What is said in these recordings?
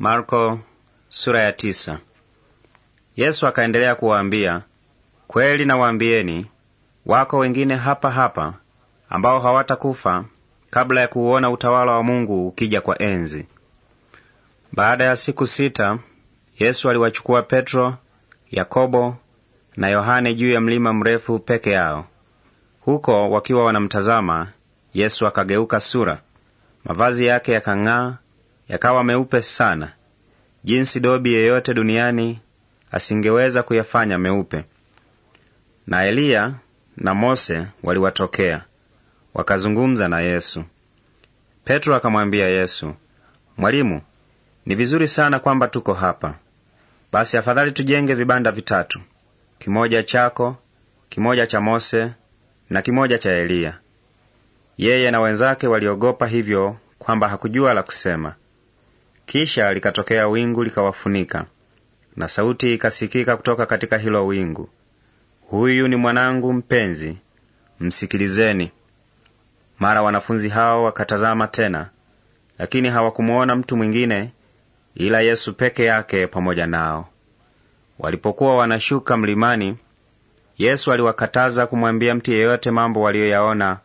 Marko sura ya tisa. Yesu akaendelea kuwaambia, kweli nawaambieni, wako wengine hapa hapa ambao hawatakufa kabla ya kuuona utawala wa Mungu ukija kwa enzi. Baada ya siku sita, Yesu aliwachukua Petro, Yakobo na Yohane juu ya mlima mrefu peke yao. Huko wakiwa wanamtazama Yesu, akageuka sura, mavazi yake yakang'aa yakawa meupe sana, jinsi dobi yeyote duniani asingeweza kuyafanya meupe. Na Eliya na Mose waliwatokea wakazungumza na Yesu. Petro akamwambia Yesu, Mwalimu, ni vizuri sana kwamba tuko hapa. Basi afadhali tujenge vibanda vitatu, kimoja chako, kimoja cha Mose na kimoja cha Eliya. Yeye na wenzake waliogopa hivyo kwamba hakujua la kusema. Kisha likatokea wingu likawafunika, na sauti ikasikika kutoka katika hilo wingu, huyu ni mwanangu mpenzi, msikilizeni. Mara wanafunzi hao wakatazama tena, lakini hawakumwona mtu mwingine ila Yesu peke yake pamoja nao. Walipokuwa wanashuka mlimani, Yesu aliwakataza kumwambia mtu yeyote mambo waliyoyaona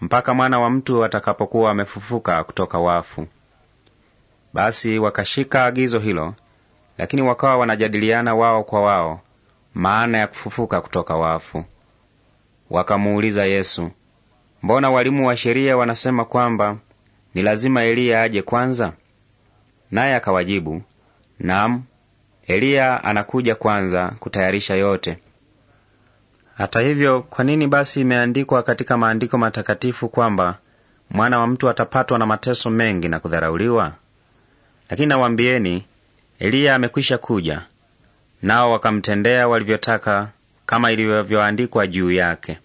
mpaka mwana wa mtu atakapokuwa amefufuka kutoka wafu. Basi wakashika agizo hilo, lakini wakawa wanajadiliana wao kwa wao maana ya kufufuka kutoka wafu. Wakamuuliza Yesu, mbona walimu wa sheria wanasema kwamba ni lazima Eliya aje kwanza? Naye akawajibu, nam Eliya anakuja kwanza kutayarisha yote. Hata hivyo, kwa nini basi imeandikwa katika maandiko matakatifu kwamba mwana wa mtu atapatwa na mateso mengi na kudharauliwa? Lakini nawaambieni, Eliya amekwisha kuja, nao wakamtendea walivyotaka, kama ilivyoandikwa juu yake.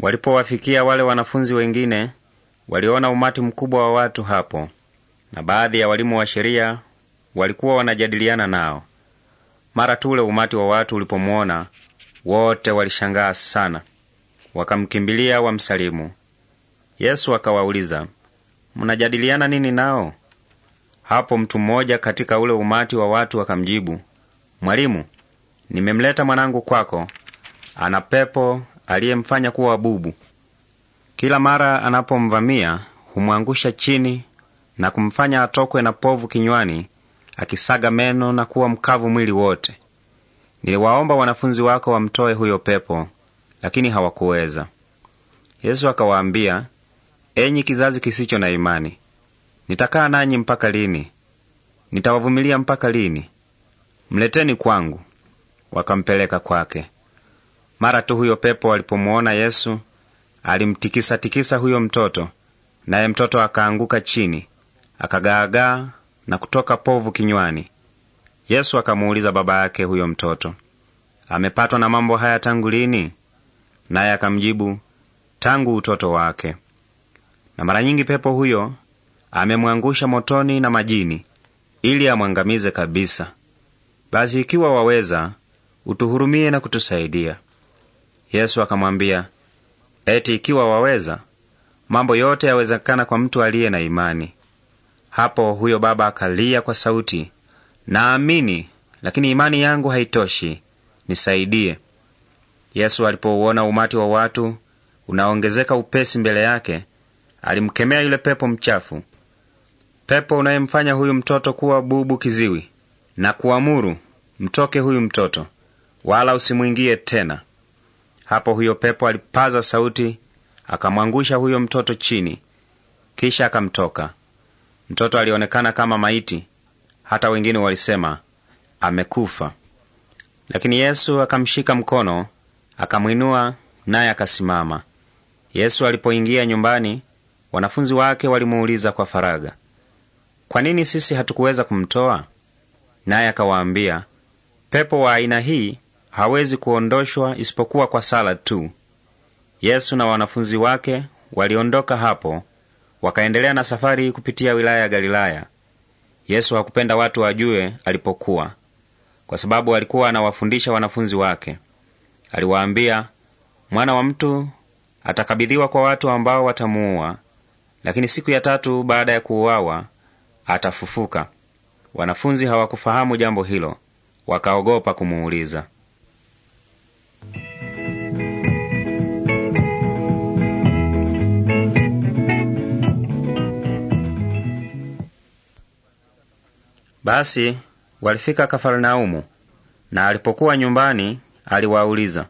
Walipowafikia wale wanafunzi wengine, waliona umati mkubwa wa watu hapo, na baadhi ya walimu wa sheria walikuwa wanajadiliana nao. Mara tu ule umati wa watu ulipomwona, wote walishangaa sana, wakamkimbilia wamsalimu. Yesu akawauliza, mnajadiliana nini nao? Hapo mtu mmoja katika ule umati wa watu akamjibu, Mwalimu, nimemleta mwanangu kwako, ana pepo aliyemfanya kuwa bubu. Kila mara anapomvamia humwangusha chini na kumfanya atokwe na povu kinywani akisaga meno na kuwa mkavu mwili wote. Niliwaomba wanafunzi wako wamtoe huyo pepo, lakini hawakuweza. Yesu akawaambia, enyi kizazi kisicho na imani, nitakaa nanyi mpaka lini? Nitawavumilia mpaka lini? Mleteni kwangu. Wakampeleka kwake. Mara tu huyo pepo alipomuona Yesu, alimtikisa tikisa huyo mtoto, naye mtoto akaanguka chini akagaagaa na kutoka povu kinywani. Yesu akamuuliza baba yake huyo mtoto, amepatwa na mambo haya tangu lini? Naye akamjibu, tangu utoto wake, na mara nyingi pepo huyo amemwangusha motoni na majini ili amwangamize kabisa. Basi ikiwa waweza, utuhurumie na kutusaidia. Yesu akamwambia, eti ikiwa waweza? Mambo yote yawezekana kwa mtu aliye na imani. Hapo huyo baba akalia kwa sauti, naamini, lakini imani yangu haitoshi, nisaidie. Yesu alipouona umati wa watu unaongezeka upesi mbele yake, alimkemea yule pepo mchafu, pepo unayemfanya huyu mtoto kuwa bubu kiziwi, na kuamuru, mtoke huyu mtoto, wala usimwingie tena. Hapo huyo pepo alipaza sauti, akamwangusha huyo mtoto chini, kisha akamtoka. Mtoto alionekana kama maiti, hata wengine walisema amekufa. Lakini Yesu akamshika mkono, akamwinua, naye akasimama. Yesu alipoingia nyumbani, wanafunzi wake walimuuliza kwa faraga, kwa nini sisi hatukuweza kumtoa? Naye akawaambia, pepo wa aina hii hawezi kuondoshwa isipokuwa kwa sala tu. Yesu na wanafunzi wake waliondoka hapo Wakaendelea na safari kupitia wilaya ya Galilaya. Yesu hakupenda watu wajue alipokuwa, kwa sababu alikuwa anawafundisha wanafunzi wake. Aliwaambia, mwana wa mtu atakabidhiwa kwa watu ambao watamuua, lakini siku ya tatu baada ya kuuawa atafufuka. Wanafunzi hawakufahamu jambo hilo, wakaogopa kumuuliza. Basi walifika Kafarnaumu, na alipokuwa nyumbani aliwauliza,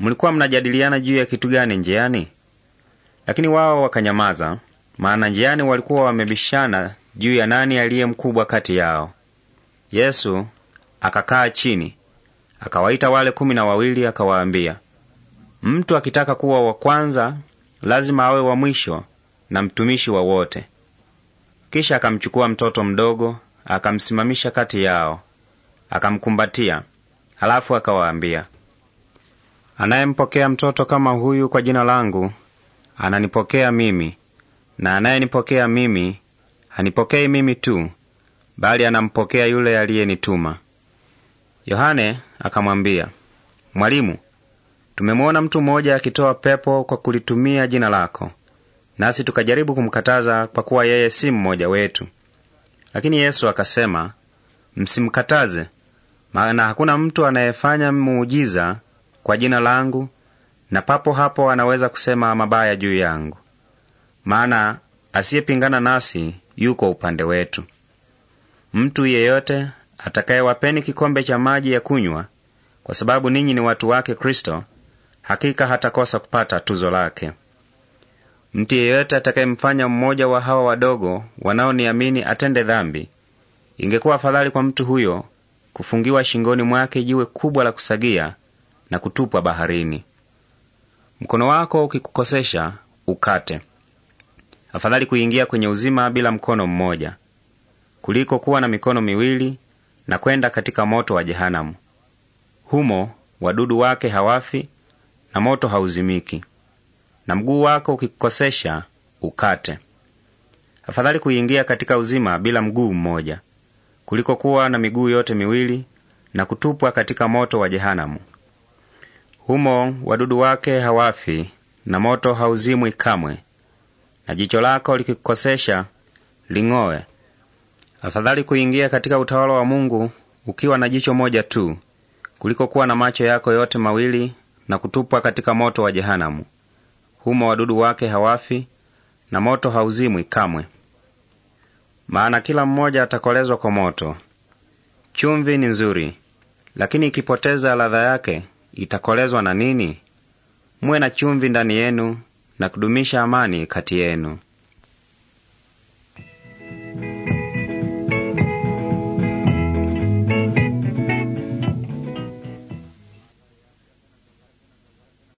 mlikuwa mnajadiliana juu ya kitu gani njiani? Lakini wao wakanyamaza, maana njiani walikuwa wamebishana juu ya nani aliye mkubwa kati yao. Yesu akakaa chini, akawaita wale kumi na wawili, akawaambia, mtu akitaka kuwa wa kwanza lazima awe wa mwisho na mtumishi wa wote. Kisha akamchukua mtoto mdogo akamsimamisha kati yao, akamkumbatia. Halafu akawaambia, anayempokea mtoto kama huyu kwa jina langu ananipokea mimi, na anayenipokea mimi hanipokei mimi tu, bali anampokea yule aliyenituma. Yohane akamwambia, Mwalimu, tumemwona mtu mmoja akitoa pepo kwa kulitumia jina lako, nasi tukajaribu kumkataza, kwa kuwa yeye si mmoja wetu. Lakini Yesu akasema, msimkataze, maana hakuna mtu anayefanya muujiza kwa jina langu na papo hapo anaweza kusema mabaya juu yangu, maana asiyepingana nasi yuko upande wetu. Mtu yeyote atakayewapeni kikombe cha maji ya kunywa kwa sababu ninyi ni watu wake Kristo, hakika hatakosa kupata tuzo lake. Mtu yeyote atakayemfanya mmoja wa hawa wadogo wanaoniamini atende dhambi, ingekuwa afadhali kwa mtu huyo kufungiwa shingoni mwake jiwe kubwa la kusagia na kutupwa baharini. Mkono wako ukikukosesha ukate. Afadhali kuingia kwenye uzima bila mkono mmoja kuliko kuwa na mikono miwili na kwenda katika moto wa jehanamu. Humo wadudu wake hawafi na moto hauzimiki na mguu wako ukikukosesha ukate. Afadhali kuingia katika uzima bila mguu mmoja kuliko kuwa na miguu yote miwili na kutupwa katika moto wa jehanamu. Humo wadudu wake hawafi na moto hauzimwi kamwe. Na jicho lako likikukosesha ling'oe. Afadhali kuingia katika utawala wa Mungu ukiwa na jicho moja tu kuliko kuwa na macho yako yote mawili na kutupwa katika moto wa jehanamu humo wadudu wake hawafi na moto hauzimwi kamwe. Maana kila mmoja atakolezwa kwa moto. Chumvi ni nzuri, lakini ikipoteza ladha yake itakolezwa na nini? Muwe na chumvi ndani yenu na kudumisha amani kati yenu.